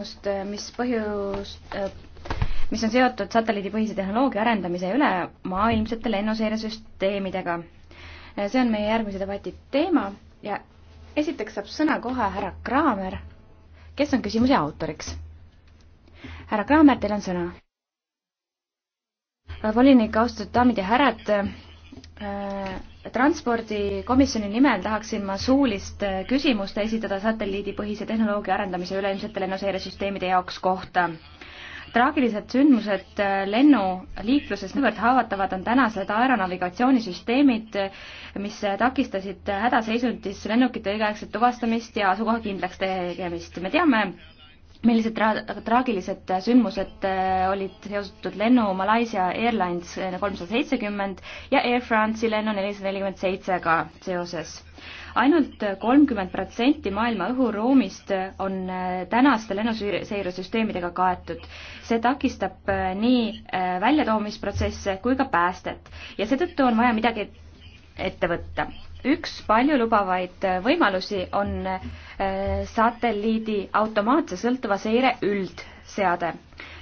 just, äh, mis põhjus, äh, mis on seotud satelliidipõhise tehnoloogia arendamise üle maailmsete lennuseiresüsteemidega. Äh, see on meie järgmise debati teema ja esiteks saab sõna kohe härra Kraamer, kes on küsimuse autoriks. härra Kraamer, teil on sõna. volinik, austatud daamid ja härrad Äh, transpordikomisjoni nimel tahaksin ma suulist äh, küsimust esitada satelliidipõhise tehnoloogia arendamise üleilmsete lennuseiresüsteemide jaoks kohta. traagilised sündmused äh, lennuliikluses niivõrd haavatavad on tänased aeronavigatsioonisüsteemid, mis takistasid hädaseisundis lennukite õigeaegset tuvastamist ja asukoha kindlaks tegemist. me teame, millised tra-, traagilised sündmused äh, olid seotud lennu Malaisia Airlines äh, kolmsada seitsekümmend ja Air France'i lennu nelisada nelikümmend seitsega seoses ainult kolmkümmend protsenti maailma õhuruumist on äh, tänaste lennuseiresüsteemidega kaetud. see takistab nii väljatoomisprotsesse kui ka päästet ja seetõttu on vaja midagi ette võtta üks paljulubavaid äh, võimalusi on äh, satelliidi automaatse sõltuva seire üldseade.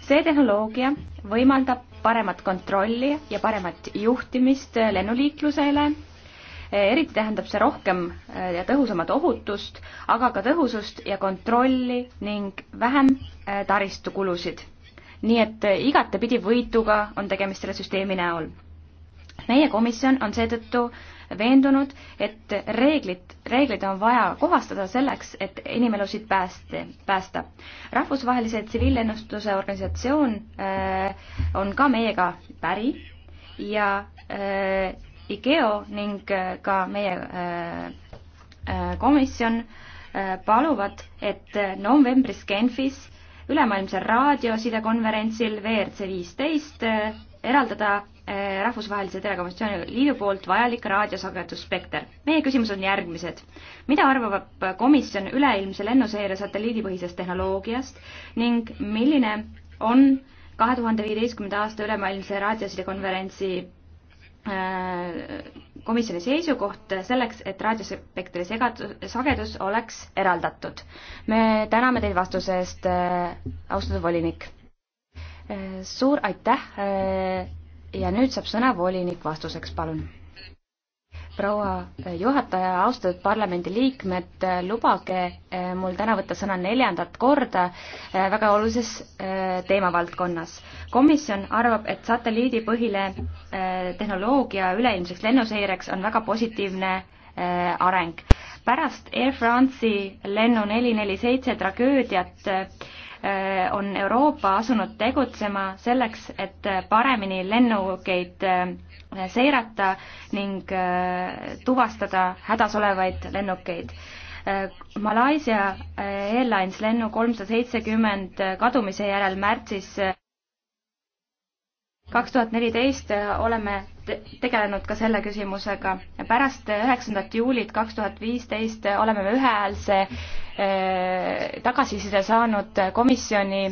see tehnoloogia võimaldab paremat kontrolli ja paremat juhtimist äh, lennuliiklusele, eriti tähendab see rohkem ja tõhusamat ohutust, aga ka tõhusust ja kontrolli ning vähem taristukulusid. nii et igatepidi võituga on tegemist selle süsteemi näol. meie komisjon on seetõttu äh, veendunud, et reeglid, reegleid on vaja kohastada selleks, et inimelusid pääste, päästa. rahvusvahelise tsiviillennustuse organisatsioon äh, on ka meiega päri ja äh, IGEO ning ka meie äh, äh, komisjon äh, paluvad, et novembris Genfis ülemaailmsel raadiosidekonverentsil WRC viisteist äh, eraldada eh, Rahvusvahelise Telekommunikatsiooni Liidu poolt vajalik raadiosagedusspekter. meie küsimused on järgmised. mida arvab komisjon üleilmse lennuseire satelliidipõhisest tehnoloogiast ning milline on kahe tuhande viieteistkümnenda aasta ülemaailmse raadiosidekonverentsi eh, komisjoni seisukoht selleks, et raadiospektri segadus, sagedus oleks eraldatud. me täname teid vastuse eest, eh, austatud volinik suur aitäh eh, ja nüüd saab sõna volinik vastuseks, palun. proua juhataja, austatud parlamendiliikmed, eh, lubage eh, mul täna võtta sõna neljandat korda väga olulises teemavaldkonnas. komisjon arvab, et satelliidipõhile tehnoloogia üleilmseks lennuseireks on väga positiivne areng. pärast Air France'i lennu neli neli seitse tragöödiat Äh, on Euroopa asunud tegutsema selleks, et paremini lennukeid äh, seirata ning äh, tuvastada hädas olevaid lennukeid. Malaisia Airlines lennu kolmsada seitsekümmend kadumise järel märtsis kaks tuhat neliteist äh, oleme tegelenud ka selle küsimusega. pärast üheksandat juulit kaks tuhat viisteist äh, oleme me ühehäälse äh, tagasiside saanud komisjoni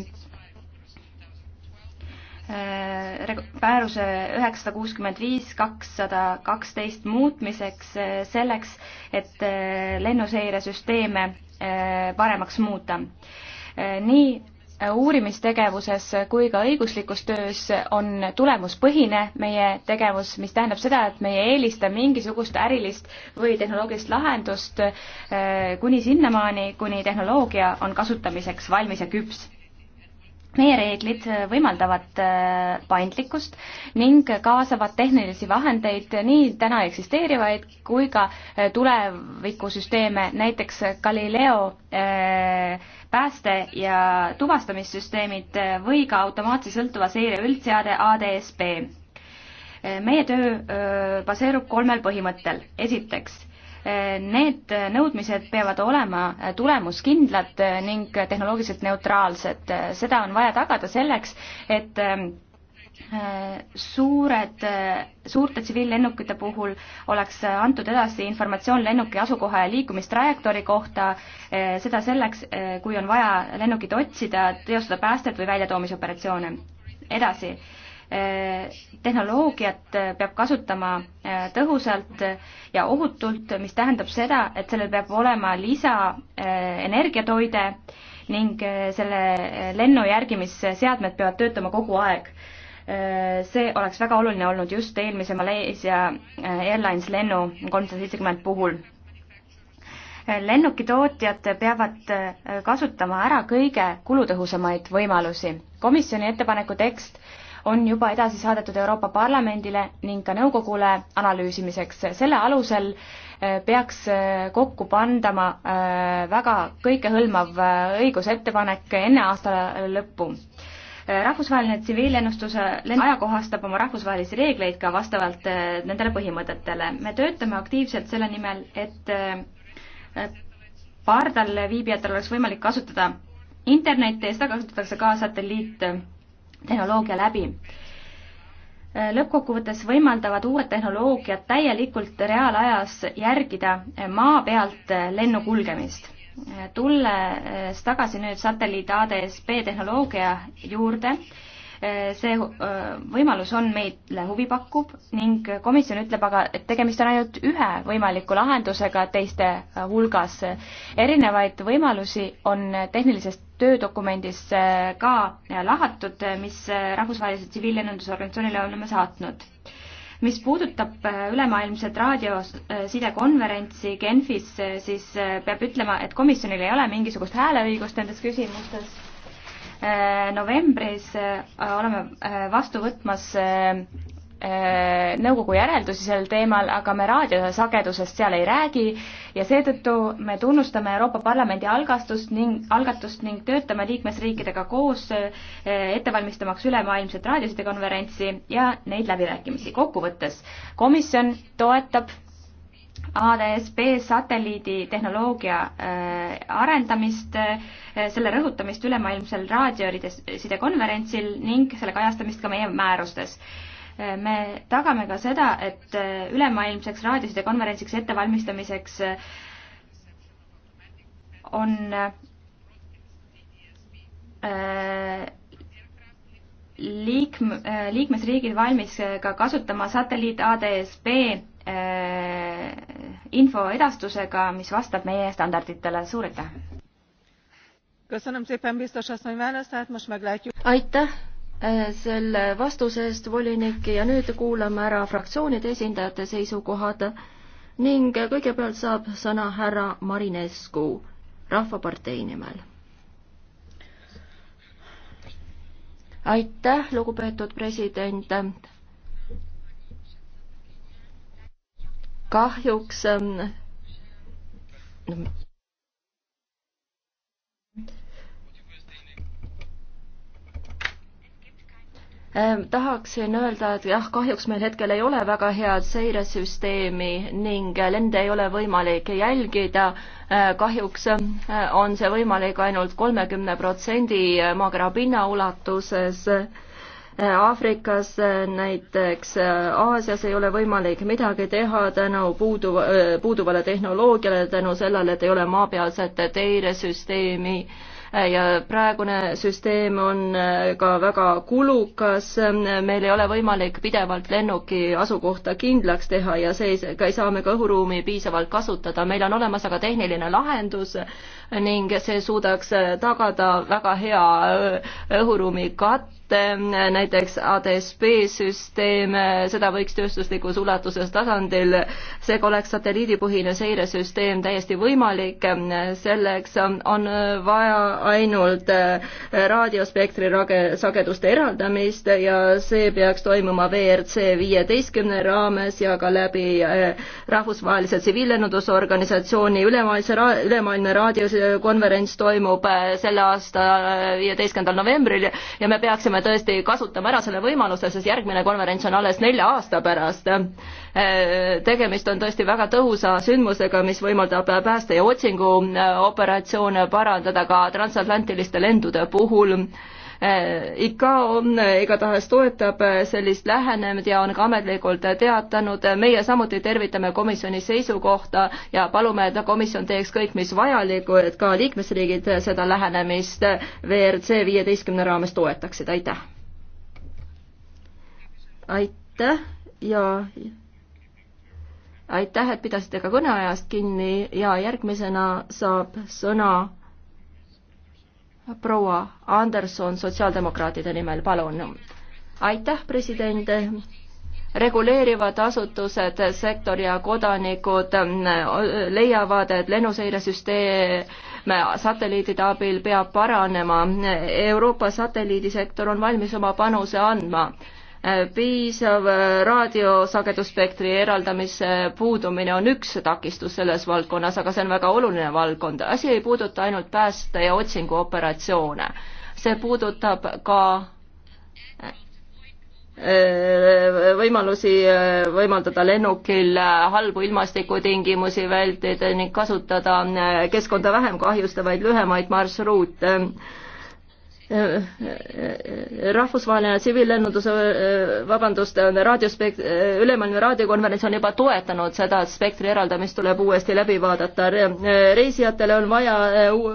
määruse üheksasada kuuskümmend viis kakssada kaksteist muutmiseks selleks, et lennuseiresüsteeme paremaks muuta. nii uurimistegevuses kui ka õiguslikus töös on tulemuspõhine meie tegevus, mis tähendab seda, et me ei eelista mingisugust ärilist või tehnoloogilist lahendust eh, kuni sinnamaani, kuni tehnoloogia on kasutamiseks valmis ja küps meie reeglid äh, võimaldavad äh, paindlikkust ning kaasavad tehnilisi vahendeid, nii täna eksisteerivaid kui ka äh, tulevikusüsteeme, näiteks Galileo pääste- ja tuvastamissüsteemid või ka automaatse sõltuva seire üldseade ADSB. meie töö baseerub kolmel põhimõttel. esiteks Need nõudmised peavad olema tulemuskindlad ning tehnoloogiliselt neutraalsed. seda on vaja tagada selleks, et äh, suured, äh, suurte tsiviillennukite puhul oleks antud edasi informatsioon lennuki asukoha ja liikumistrajektoori kohta, äh, seda selleks, kui on vaja lennukit otsida, teostada päästet või väljatoomisoperatsioone. edasi tehnoloogiat peab kasutama äh, tõhusalt ja ohutult, mis tähendab seda, et sellel peab olema lisaenergiatoide äh, ning äh, selle lennu järgimisseadmed peavad töötama kogu aeg. see oleks väga oluline olnud just eelmise Malaysia Airlines lennu kolmsada seitsekümmend puhul lennukitootjad peavad kasutama ära kõige kulutõhusamaid võimalusi. komisjoni ettepaneku tekst on juba edasi saadetud Euroopa Parlamendile ning ka nõukogule analüüsimiseks. selle alusel äh, peaks äh, kokku pandama äh, väga kõikehõlmav õigusettepanek enne aasta lõppu. rahvusvaheline tsiviilennustuse ajakohastab oma rahvusvahelisi reegleid ka vastavalt nendele põhimõtetele. me töötame aktiivselt selle nimel, et pardal viibijatel oleks võimalik kasutada internetti ja seda kasutatakse ka satelliit tehnoloogia läbi lõppkokkuvõttes võimaldavad uued tehnoloogiad täielikult reaalajas järgida maa pealt lennu kulgemist. tulles tagasi nüüd satelliit ADS-B tehnoloogia juurde, Eh, see eh, võimalus on meile huvi pakkuv ning komisjon ütleb aga, et tegemist on ainult ühe võimaliku lahendusega teiste eh, hulgas. erinevaid võimalusi on tehnilisest töödokumendis ka lahatud, mis rahvusvahelise tsiviillennundusorganisatsioonile oleme saatnud mis puudutab ülemaailmset raadiosidekonverentsi Genfis, siis peab ütlema, et komisjonil ei ole mingisugust hääleõigust nendes küsimustes Äh, novembris äh, oleme äh, vastu võtmas nõukogu järeldusi sel teemal, aga me raadiosagedusest seal ei räägi ja seetõttu me tunnustame Euroopa Parlamendi algastust ning, algatust ning töötame liikmesriikidega koos ettevalmistamaks ülemaailmset raadiosidekonverentsi ja neid läbirääkimisi. kokkuvõttes komisjon toetab ADSB satelliiditehnoloogia äh, arendamist, äh, selle rõhutamist ülemaailmsel raadiosidekonverentsil ning selle kajastamist ka meie määrustes. Äh, me tagame ka seda, et ülemaailmseks raadiosidekonverentsiks ettevalmistamiseks on liikm-, liikmesriigid valmis ka kasutama satelliit ADSB Äh, info edastusega, mis vastab meie standarditele, suur aitäh! aitäh äh, selle vastuse eest, volinik, ja nüüd kuulame ära fraktsioonide esindajate seisukohad ning kõigepealt saab sõna härra Marinescu Rahvapartei nimel. aitäh, lugupeetud president kahjuks ähm, ähm, tahaksin öelda, et jah, kahjuks meil hetkel ei ole väga head seiresüsteemi ning lende ei ole võimalik jälgida. Äh, kahjuks äh, on see võimalik ainult kolmekümne protsendi äh, maakera pinna ulatuses Aafrikas näiteks, äh, Aasias ei ole võimalik midagi teha tänu puudu, äh, puuduvale tehnoloogiale, tänu sellele, et ei ole maapealset teiresüsteemi äh, ja praegune süsteem on ka väga kulukas, meil ei ole võimalik pidevalt lennuki asukohta kindlaks teha ja see ei, ka ei saa me ka õhuruumi piisavalt kasutada, meil on olemas aga tehniline lahendus ning see suudaks tagada väga hea õhuruumi katte, projekte, ehm, näiteks ADSB süsteem, eh, seda võiks tööstuslikus ulatuses tasandil, seega oleks satelliidipõhine seiresüsteem täiesti võimalik, ehm, selleks on vaja ainult eh, raadiospektri rage-, sageduste eraldamist ja see peaks toimuma WRC viieteistkümne raames ja ka läbi eh, rahvusvahelise tsiviillennundusorganisatsiooni ülemaailmse ra-, ülemaailmne raadiokonverents toimub selle aasta viieteistkümnendal novembril ja me peaksime me tõesti kasutame ära selle võimaluse, sest järgmine konverents on alles nelja aasta pärast. Äh, tegemist on tõesti väga tõhusa sündmusega, mis võimaldab pääste- ja otsinguoperatsioone parandada ka transatlantiliste lendude puhul Äh, ICAO äh, igatahes toetab äh, sellist lähenemist ja on ka ametlikult teatanud, meie samuti tervitame komisjoni seisukohta ja palume, et komisjon teeks kõik, mis vajalikku, et ka liikmesriigid seda lähenemist WRC viieteistkümne raames toetaksid, aitäh! aitäh ja aitäh, et pidasite ka kõneajast kinni ja järgmisena saab sõna proua Anderson sotsiaaldemokraatide nimel, palun. aitäh, president reguleerivad asutused, sektor ja kodanikud mm, leiavad, et lennuseiresüsteem satelliidide abil peab paranema. Euroopa satelliidisektor on valmis oma panuse andma Äh, piisav äh, raadiosagedusspektri eraldamise puudumine on üks takistus selles valdkonnas, aga see on väga oluline valdkond. asi ei puuduta ainult pääste- ja otsinguoperatsioone, see puudutab ka äh, võimalusi võimaldada lennukil halbu ilmastikutingimusi vältida ning kasutada keskkonda vähem kahjustavaid lühemaid marsruute rahvusvaheline tsiviillennunduse, eh, vabandust, raadiospekt-, eh, ülemaailmne raadiokonverents on juba toetanud seda, et spektri eraldamist tuleb uuesti läbi vaadata. Eh, reisijatele on vaja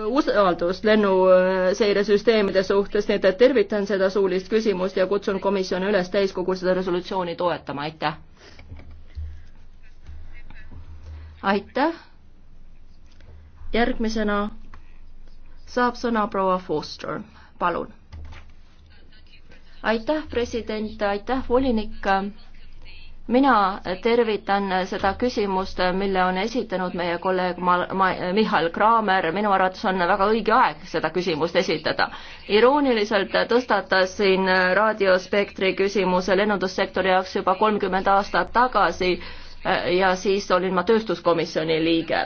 usaldust lennuseiresüsteemide suhtes, nii et tervitan seda suulist küsimust ja kutsun komisjoni üles täiskogu seda resolutsiooni toetama, aitäh! aitäh! järgmisena saab sõna proua Foster palun. aitäh, president, aitäh, volinik. mina tervitan seda küsimust, mille on esitanud meie kolleeg Ma-, Ma-, Mihhail Kraamer, minu arvates on väga õige aeg seda küsimust esitada. irooniliselt tõstatasin raadiospektri küsimuse lennundussektori jaoks juba kolmkümmend aastat tagasi ja siis olin ma tööstuskomisjoni liige.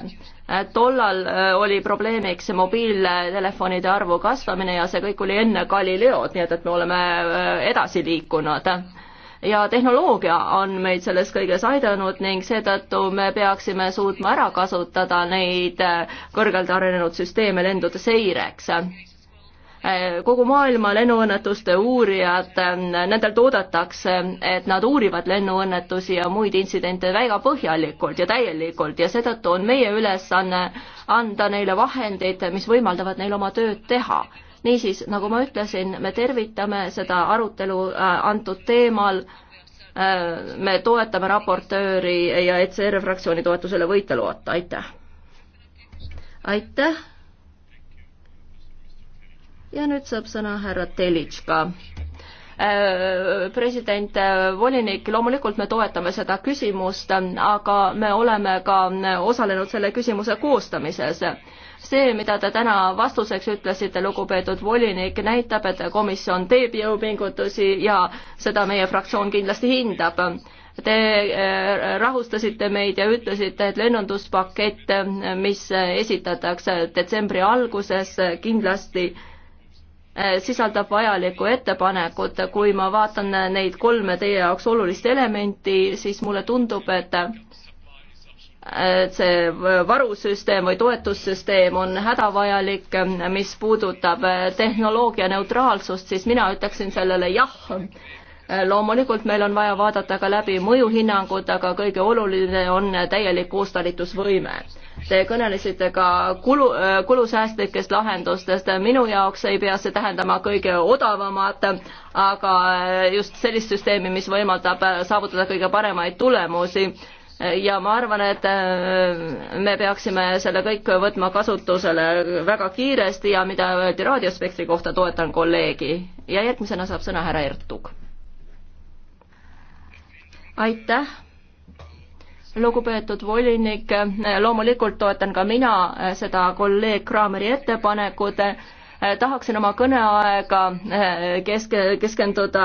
tollal äh, oli probleemiks mobiiltelefonide arvu kasvamine ja see kõik oli enne Galileod, nii et, et me oleme äh, edasi liikunud ja tehnoloogia on meid selles kõiges aidanud ning seetõttu me peaksime suutma ära kasutada neid äh, kõrgelt arenenud süsteeme lendude seireks Eh, kogu maailma lennuõnnetuste uurijad, eh, nendelt oodatakse, et nad uurivad lennuõnnetusi ja muid intsidente väga põhjalikult ja täielikult ja seetõttu on meie ülesanne anda neile vahendeid, mis võimaldavad neil oma tööd teha. niisiis, nagu ma ütlesin, me tervitame seda arutelu eh, antud teemal, me toetame raportööri ja ECR fraktsiooni toetusele võite loota, aitäh! aitäh! ja nüüd saab sõna härra Telitška äh, president, äh, volinik, loomulikult me toetame seda küsimust, aga me oleme ka äh, osalenud selle küsimuse koostamises. see, mida te täna vastuseks ütlesite, lugupeetud volinik, näitab, et komisjon teeb jõupingutusi ja seda meie fraktsioon kindlasti hindab. Te rahustasite meid ja ütlesite, et lennunduspakett, mis esitatakse detsembri alguses, kindlasti Äh, sisaldab vajalikku ettepanekut, kui ma vaatan neid kolme teie jaoks olulist elementi, siis mulle tundub, et äh, et see varusüsteem või toetussüsteem on hädavajalik, mis puudutab äh, tehnoloogia neutraalsust, siis mina ütleksin sellele jah. loomulikult meil on vaja vaadata ka läbi mõjuhinnangud, aga kõige oluline on täielik koostalitusvõime Te kõnelesite ka kulu, äh, kulusäästlikest lahendustest, minu jaoks ei pea see tähendama kõige odavamat, aga äh, just sellist süsteemi, mis võimaldab äh, saavutada kõige paremaid tulemusi ja ma arvan, et me peaksime selle kõik võtma kasutusele väga kiiresti ja mida öeldi raadiospektri kohta, toetan kolleegi. ja järgmisena saab sõna härra Ertug. aitäh lugupeetud volinik, loomulikult toetan ka mina seda kolleeg Kraameri ettepanekut, tahaksin oma kõneaega eh, kesk, keskenduda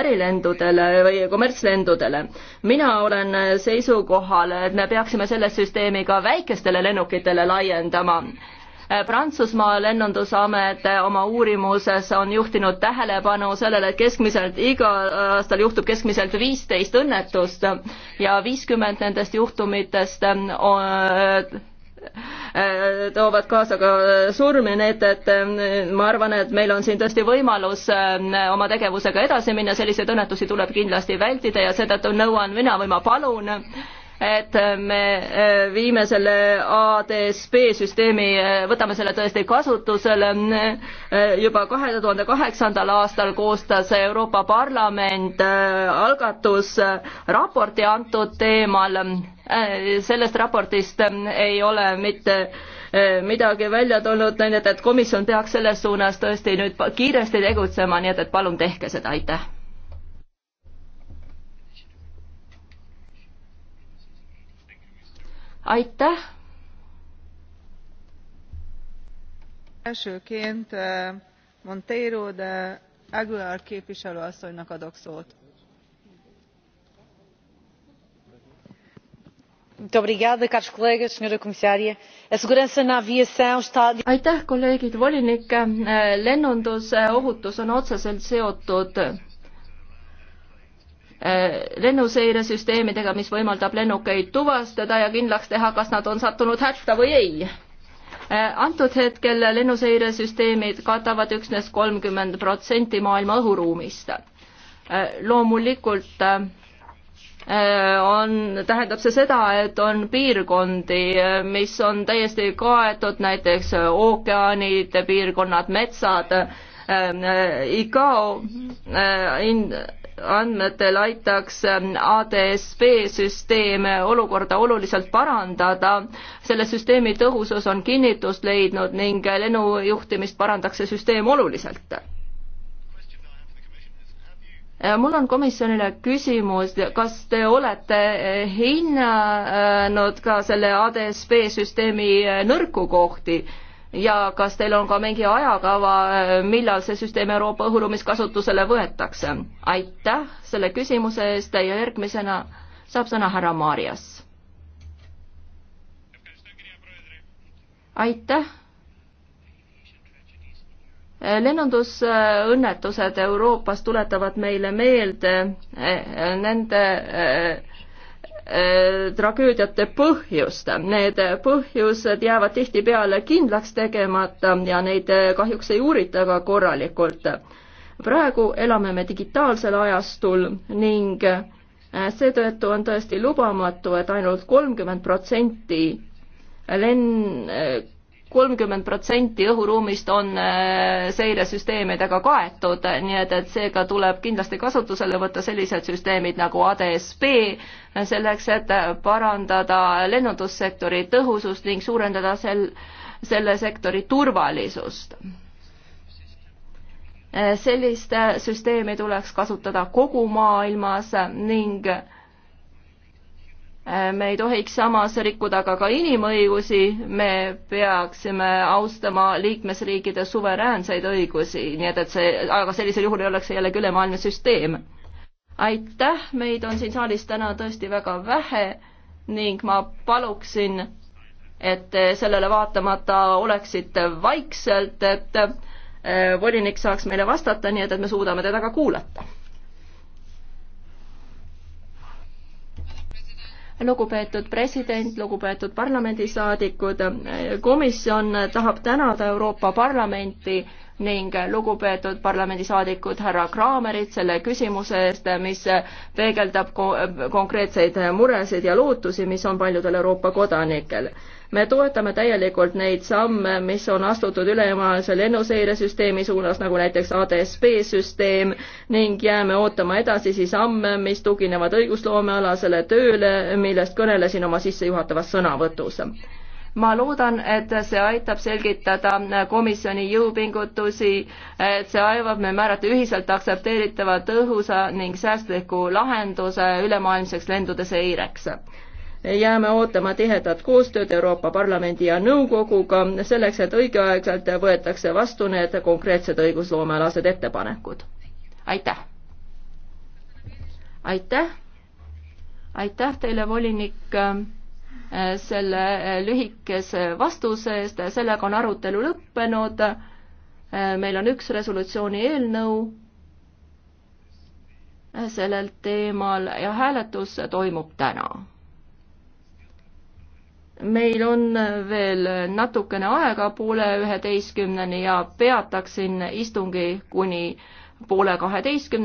ärilendudele või kommertslendudele. mina olen seisukohal, et me peaksime selle süsteemi ka väikestele lennukitele laiendama Eh, Prantsusmaa lennundusamet eh, oma uurimuses on juhtinud tähelepanu sellele, et keskmiselt igal eh, aastal juhtub keskmiselt viisteist õnnetust ja viiskümmend nendest juhtumitest on toovad kaasa ka surmi, nii et, et ma arvan, et meil on siin tõesti võimalus oma tegevusega edasi minna, selliseid õnnetusi tuleb kindlasti vältida ja seetõttu nõuan mina või ma palun, et me eh, viime selle ADSB süsteemi, eh, võtame selle tõesti kasutusele. Eh, juba kahe tuhande kaheksandal aastal koostas Euroopa Parlament algatusraporti antud teemal. sellest raportist ei ole mitte midagi välja tulnud, nii et, et komisjon peaks selles suunas tõesti nüüd kiiresti tegutsema, nii et, et palun tehke seda, aitäh aitäh. elsőként eh, Monteiro de Aguilar képviselő asszonynak adok szót. aitäh kolleegid volinik eh, lennundusohutus eh, on otseselt seotud Äh, lennuseiresüsteemidega, mis võimaldab lennukeid tuvastada ja kindlaks teha, kas nad on sattunud hätta või ei. Äh, antud hetkel lennuseiresüsteemid katavad üksnes kolmkümmend protsenti maailma õhuruumist. Äh, loomulikult on, tähendab see seda, et on piirkondi, mis on täiesti kaetud, näiteks ookeanid, piirkonnad, metsad, ICAO in-, andmetel aitaks ADSB süsteem olukorda oluliselt parandada. selle süsteemi tõhusus on kinnitust leidnud ning lennujuhtimist parandaks see süsteem oluliselt mul on komisjonile küsimus, kas te olete hinnanud ka selle ADSB süsteemi nõrku kohti ja kas teil on ka mingi ajakava, äh, millal see süsteem Euroopa õhuruumis kasutusele võetakse? aitäh selle küsimuse eest ja järgmisena saab sõna härra Marias. aitäh. Äh, lennundusõnnetused Euroopas tuletavad meile meelde äh, nende Äh, tragöödiate põhjust. Need põhjused jäävad tihtipeale kindlaks tegemata ja neid äh, kahjuks ei uurita ka korralikult. praegu elame me digitaalsel ajastul ning äh, seetõttu on tõesti lubamatu et, et ainult kolmkümmend protsenti lenn, kolmkümmend protsenti õhuruumist on äh, seiresüsteemidega kaetud, nii et, et seega tuleb kindlasti kasutusele võtta sellised süsteemid nagu ADSB, selleks et parandada lennundussektori tõhusust ning suurendada sel, selle sektori turvalisust äh, sellist äh, süsteemi tuleks kasutada kogu maailmas ning Äh, me ei tohiks samas rikkuda ka, ka inimõigusi, me peaksime austama liikmesriikide suveräänseid õigusi, nii et, et see, aga sellisel juhul ei oleks see jällegi ülemaailmne süsteem. aitäh, meid on siin saalis täna tõesti väga vähe ning ma paluksin, et sellele vaatamata oleksite vaikselt, et äh, volinik saaks meile vastata, nii et, et me suudame teda ka kuulata lugupeetud president, lugupeetud parlamendisaadikud, komisjon tahab tänada Euroopa Parlamenti ning lugupeetud parlamendisaadikud härra Kraamerit selle küsimuse eest, mis peegeldab ko konkreetseid muresid ja lootusi, mis on paljudel Euroopa kodanikel. me toetame täielikult neid samme, mis on astutud ülemaailmse lennuseiresüsteemi suunas, nagu näiteks ADSB süsteem ning jääme ootama edasisi samme, mis tuginevad õigusloomealasele tööle, millest kõnelesin oma sissejuhatavas sõnavõtus ma loodan, et see aitab selgitada komisjoni jõupingutusi, et see aitab meil määrata ühiselt aktsepteeritava tõhusa ning säästliku lahenduse ülemaailmseks lendude seireks jääme ootama tihedat koostööd Euroopa Parlamendi ja Nõukoguga selleks, et õigeaegselt võetakse vastu need konkreetsed õigusloomealased ettepanekud. aitäh! aitäh! aitäh teile, volinik! selle eh, lühikese vastuse eest, sellega on arutelu lõppenud. Eh, meil on üks resolutsiooni eelnõu sellel teemal ja hääletus toimub täna. meil on veel natukene aega poole üheteistkümneni ja peataksin istungi kuni poole kaheteistkümneni.